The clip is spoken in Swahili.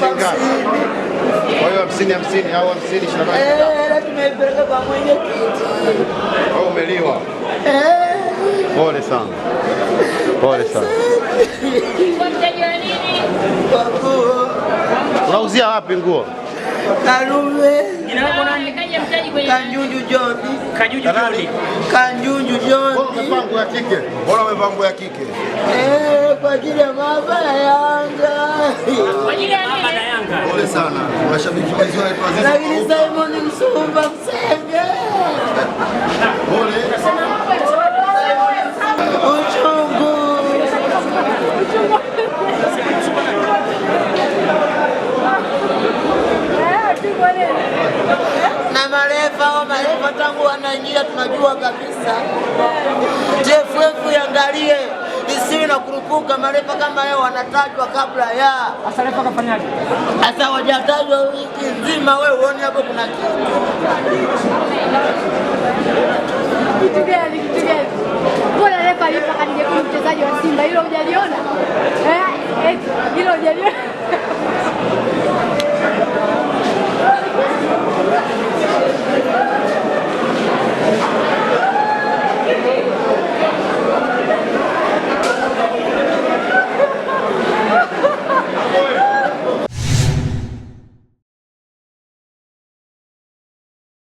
chenga. Kwa hiyo hamsini hamsini au hamsini ishirini eh, kwa mwenyekiti. Au umeliwa? Pole sana, pole sana. Unauzia wapi nguo? Karume. Kanjuju Joni. Kanjuju Joni. Kanjuju Joni. Mbona umepangwa ya ya kike? Eh, kwa ajili ya pole sana, mashabiki wazuri lakini Simon Msumba msenge na mareva au mareva tangu wanaingia tunajua kabisa. Jefu TFF angalie wasiwe na kurupuka. Marefa kama yao wanatajwa kabla ya sasa, wajatajwa wiki nzima. Wewe uone hapo kuna kitu